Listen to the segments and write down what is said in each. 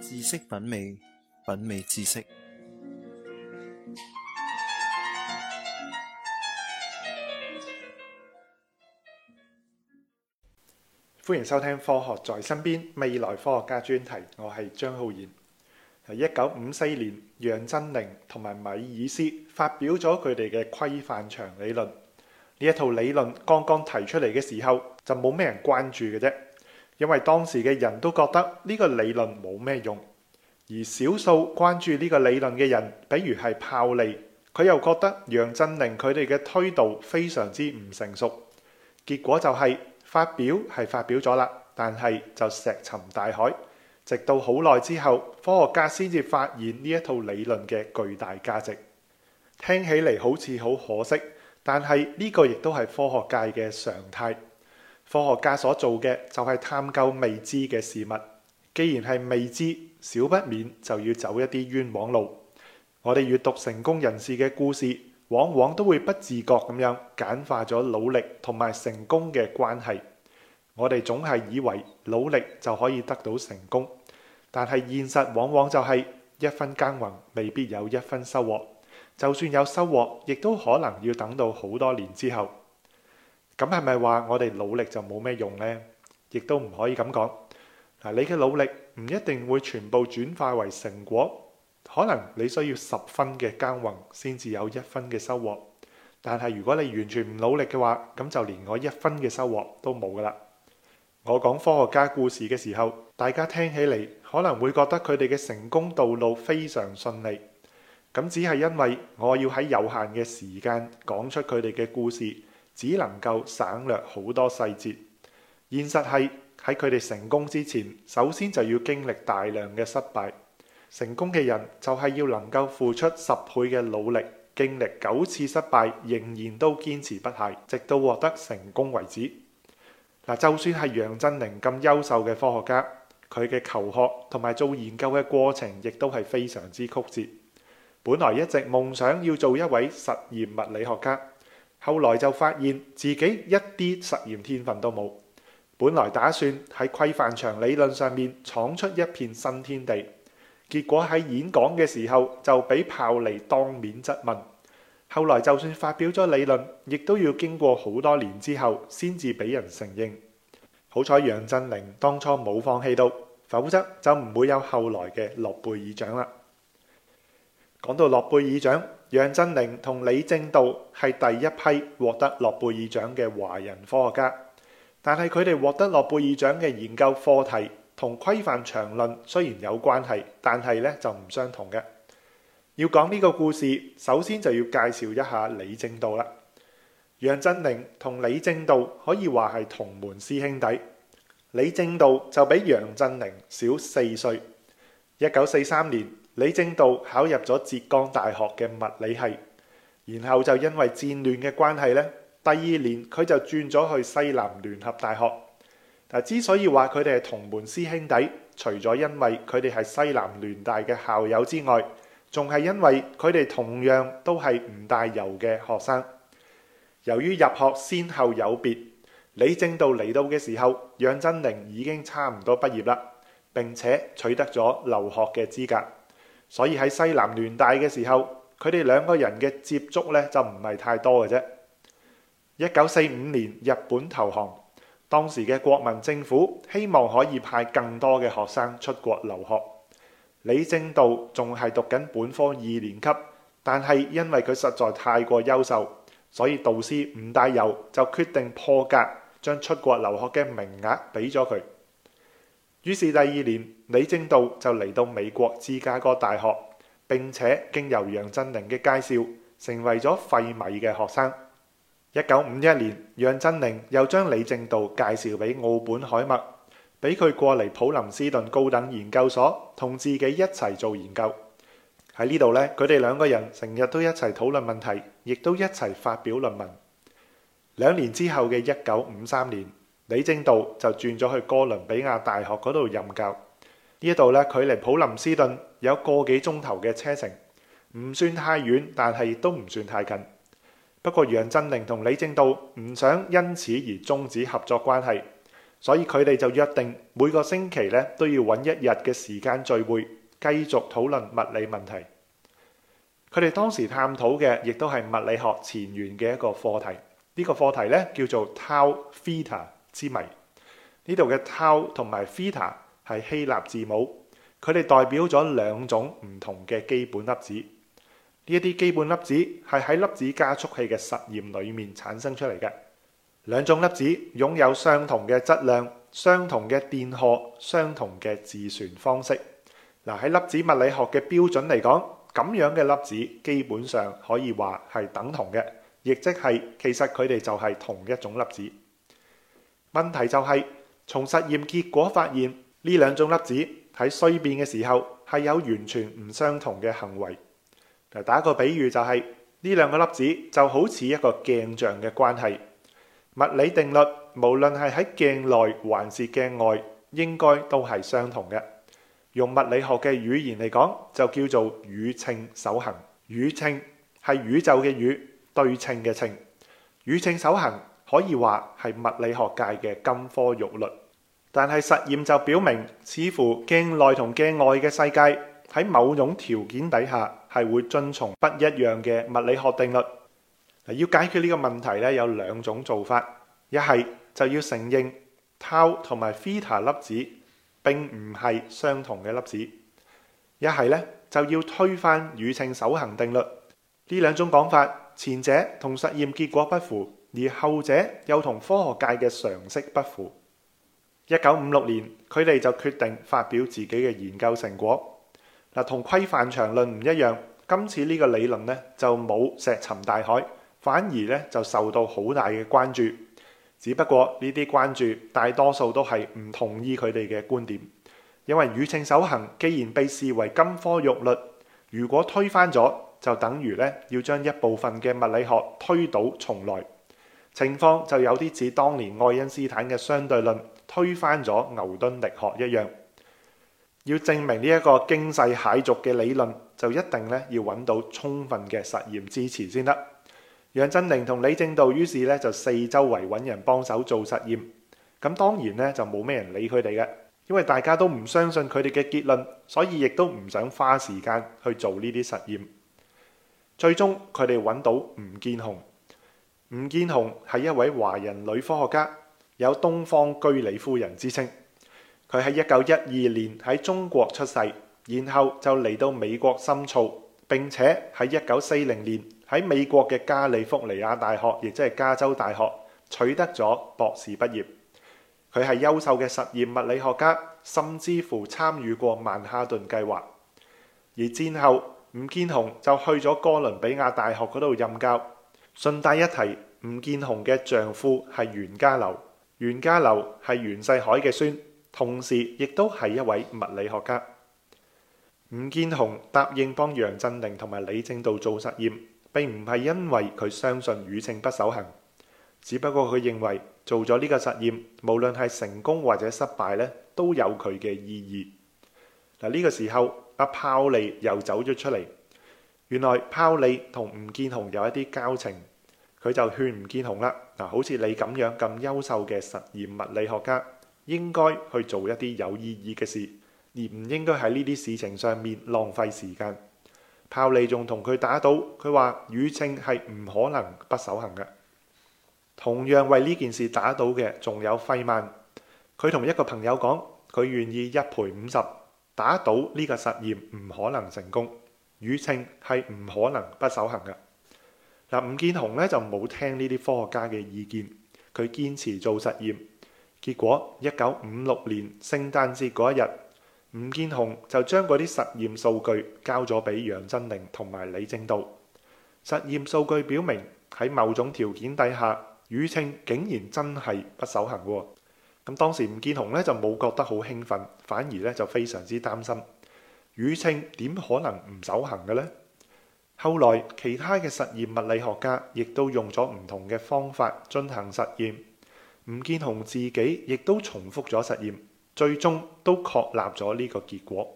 知識品味，品味知識。歡迎收聽《科學在身邊》未來科學家專題，我係張浩然。喺一九五四年，楊振寧同埋米爾斯發表咗佢哋嘅規範場理論。呢一套理論剛剛提出嚟嘅時候，就冇咩人關注嘅啫。因為當時嘅人都覺得呢個理論冇咩用，而少數關注呢個理論嘅人，比如係泡利，佢又覺得楊振寧佢哋嘅推導非常之唔成熟。結果就係發表係發表咗啦，但係就石沉大海，直到好耐之後，科學家先至發現呢一套理論嘅巨大價值。聽起嚟好似好可惜，但係呢個亦都係科學界嘅常態。科學家所做嘅就係探究未知嘅事物，既然係未知，少不免就要走一啲冤枉路。我哋閱讀成功人士嘅故事，往往都會不自覺咁樣簡化咗努力同埋成功嘅關係。我哋總係以為努力就可以得到成功，但係現實往往就係一分耕耘未必有一分收穫，就算有收穫，亦都可能要等到好多年之後。咁係咪話我哋努力就冇咩用呢？亦都唔可以咁講。嗱，你嘅努力唔一定會全部轉化為成果，可能你需要十分嘅耕耘先至有一分嘅收穫。但係如果你完全唔努力嘅話，咁就連我一分嘅收穫都冇噶啦。我講科學家故事嘅時候，大家聽起嚟可能會覺得佢哋嘅成功道路非常順利。咁只係因為我要喺有限嘅時間講出佢哋嘅故事。只能夠省略好多細節。現實係喺佢哋成功之前，首先就要經歷大量嘅失敗。成功嘅人就係要能夠付出十倍嘅努力，經歷九次失敗，仍然都堅持不懈，直到獲得成功為止。嗱，就算係楊振寧咁優秀嘅科學家，佢嘅求學同埋做研究嘅過程，亦都係非常之曲折。本來一直夢想要做一位實驗物理學家。後來就發現自己一啲實驗天分都冇，本來打算喺規範場理論上面闖出一片新天地，結果喺演講嘅時候就俾泡利當面質問。後來就算發表咗理論，亦都要經過好多年之後先至俾人承認。好彩楊振寧當初冇放棄到，否則就唔會有後來嘅諾貝爾獎啦。講到諾貝爾獎，楊振寧同李政道係第一批獲得諾貝爾獎嘅華人科學家。但係佢哋獲得諾貝爾獎嘅研究課題同規範場論雖然有關係，但係咧就唔相同嘅。要講呢個故事，首先就要介紹一下李政道啦。楊振寧同李政道可以話係同門師兄弟，李政道就比楊振寧小四歲。一九四三年。李政道考入咗浙江大學嘅物理系，然後就因為戰亂嘅關係咧，第二年佢就轉咗去西南聯合大學。嗱，之所以話佢哋係同門師兄弟，除咗因為佢哋係西南聯大嘅校友之外，仲係因為佢哋同樣都係吳大猷嘅學生。由於入學先後有別，李政道嚟到嘅時候，楊振寧已經差唔多畢業啦，並且取得咗留學嘅資格。所以喺西南聯大嘅時候，佢哋兩個人嘅接觸咧就唔係太多嘅啫。一九四五年日本投降，當時嘅國民政府希望可以派更多嘅學生出國留學。李政道仲係讀緊本科二年級，但係因為佢實在太過優秀，所以導師吳大猷就決定破格將出國留學嘅名額俾咗佢。於是第二年，李政道就嚟到美國芝加哥大學，並且經由楊振寧嘅介紹，成為咗費米嘅學生。一九五一年，楊振寧又將李政道介紹俾奧本海默，俾佢過嚟普林斯頓高等研究所，同自己一齊做研究。喺呢度咧，佢哋兩個人成日都一齊討論問題，亦都一齊發表論文。兩年之後嘅一九五三年，李政道就轉咗去哥倫比亞大學嗰度任教。呢度距離普林斯頓有個幾鐘頭嘅車程，唔算太遠，但係亦都唔算太近。不過，楊振寧同李政道唔想因此而中止合作關係，所以佢哋就約定每個星期咧都要揾一日嘅時間聚會，繼續討論物理問題。佢哋當時探討嘅亦都係物理學前沿嘅一個課題。呢個課題咧叫做 Tau Theta 之謎。呢度嘅 Tau 同埋 Theta 係希臘字母，佢哋代表咗兩種唔同嘅基本粒子。呢一啲基本粒子係喺粒子加速器嘅實驗裏面產生出嚟嘅。兩種粒子擁有相同嘅質量、相同嘅電荷、相同嘅自旋方式。嗱，喺粒子物理學嘅標準嚟講，咁樣嘅粒子基本上可以話係等同嘅，亦即係其實佢哋就係同一種粒子。問題就係，從實驗結果發現呢兩種粒子喺衰變嘅時候係有完全唔相同嘅行為。嗱，打個比喻就係呢兩個粒子就好似一個鏡像嘅關係。物理定律無論係喺鏡內還是鏡外，應該都係相同嘅。用物理學嘅語言嚟講，就叫做宇稱守恒。宇稱係宇宙嘅宇，對稱嘅稱。宇稱守恒。可以話係物理學界嘅金科玉律，但係實驗就表明，似乎鏡內同鏡外嘅世界喺某種條件底下係會遵從不一樣嘅物理學定律。嗱，要解決呢個問題咧，有兩種做法：一係就要承認 Tau 同埋 Theta 粒子並唔係相同嘅粒子；一係咧就要推翻宇稱守恆定律。呢兩種講法，前者同實驗結果不符。而後者又同科學界嘅常識不符。一九五六年，佢哋就決定發表自己嘅研究成果。嗱，同規範場論唔一樣，今次呢個理論呢就冇石沉大海，反而呢就受到好大嘅關注。只不過呢啲關注大多數都係唔同意佢哋嘅觀點，因為宇稱守恆既然被視為金科玉律，如果推翻咗，就等於呢要將一部分嘅物理學推倒重來。情況就有啲似當年愛因斯坦嘅相對論推翻咗牛頓力學一樣，要證明呢一個驚世駭俗嘅理論，就一定咧要揾到充分嘅實驗支持先得。楊振寧同李政道於是咧就四周圍揾人幫手做實驗，咁當然咧就冇咩人理佢哋嘅，因為大家都唔相信佢哋嘅結論，所以亦都唔想花時間去做呢啲實驗。最終佢哋揾到吳健雄。吳健雄係一位華人女科學家，有東方居里夫人之稱。佢喺一九一二年喺中國出世，然後就嚟到美國深造。並且喺一九四零年喺美國嘅加利福尼亞大學，亦即係加州大學，取得咗博士畢業。佢係優秀嘅實驗物理學家，甚至乎參與過曼哈頓計劃。而戰後，吳健雄就去咗哥倫比亞大學嗰度任教。順帶一提，吳健雄嘅丈夫係袁家騮，袁家騮係袁世凱嘅孫，同時亦都係一位物理學家。吳健雄答應幫楊振寧同埋李政道做實驗，並唔係因為佢相信宇稱不守恒，只不過佢認為做咗呢個實驗，無論係成功或者失敗咧，都有佢嘅意義。嗱，呢個時候阿泡利又走咗出嚟，原來泡利同吳健雄有一啲交情。佢就勸吳健雄啦，嗱，好似你咁樣咁優秀嘅實驗物理學家，應該去做一啲有意義嘅事，而唔應該喺呢啲事情上面浪費時間。泡利仲同佢打賭，佢話宇稱係唔可能不守行嘅。同樣為呢件事打賭嘅，仲有費曼，佢同一個朋友講，佢願意一賠五十打賭呢個實驗唔可能成功，宇稱係唔可能不守恆嘅。嗱，吳建雄咧就冇聽呢啲科學家嘅意見，佢堅持做實驗。結果一九五六年聖誕節嗰一日，吳建雄就將嗰啲實驗數據交咗俾楊振寧同埋李政道。實驗數據表明喺某種條件底下，宇稱竟然真係不守恆喎。咁當時吳建雄咧就冇覺得好興奮，反而咧就非常之擔心，宇稱點可能唔守恆嘅咧？後來，其他嘅實驗物理學家亦都用咗唔同嘅方法進行實驗。吳健雄自己亦都重複咗實驗，最終都確立咗呢個結果。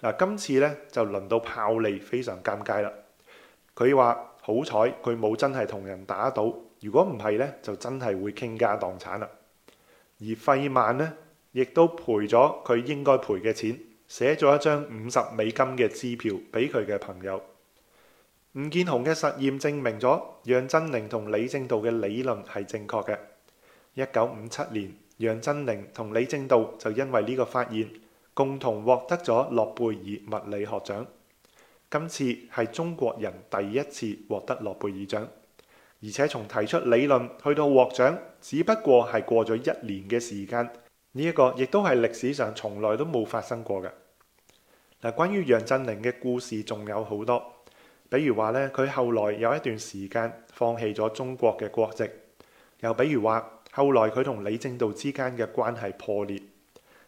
嗱、啊，今次呢，就輪到炮利非常尷尬啦。佢話好彩佢冇真係同人打賭，如果唔係呢，就真係會傾家蕩產啦。而費曼呢，亦都賠咗佢應該賠嘅錢，寫咗一張五十美金嘅支票俾佢嘅朋友。吳建雄嘅實驗證明咗楊振寧同李政道嘅理論係正確嘅。一九五七年，楊振寧同李政道就因為呢個發現，共同獲得咗諾貝爾物理學獎。今次係中國人第一次獲得諾貝爾獎，而且從提出理論去到獲獎，只不過係過咗一年嘅時間。呢一個亦都係歷史上從來都冇發生過嘅。嗱，關於楊振寧嘅故事仲有好多。比如話咧，佢後來有一段時間放棄咗中國嘅國籍，又比如話，後來佢同李政道之間嘅關係破裂。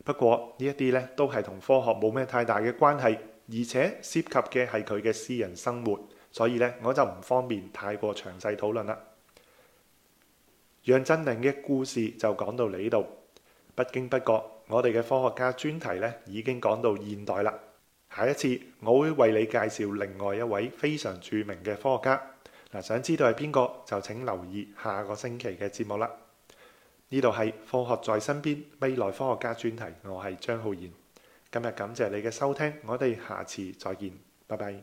不過呢一啲咧都係同科學冇咩太大嘅關係，而且涉及嘅係佢嘅私人生活，所以咧我就唔方便太過詳細討論啦。楊振寧嘅故事就講到呢度，不經不覺，我哋嘅科學家專題咧已經講到現代啦。下一次我會為你介紹另外一位非常著名嘅科學家。嗱，想知道係邊個，就請留意下個星期嘅節目啦。呢度係《科學在身邊》未來科學家專題，我係張浩然。今日感謝你嘅收聽，我哋下次再見，拜拜。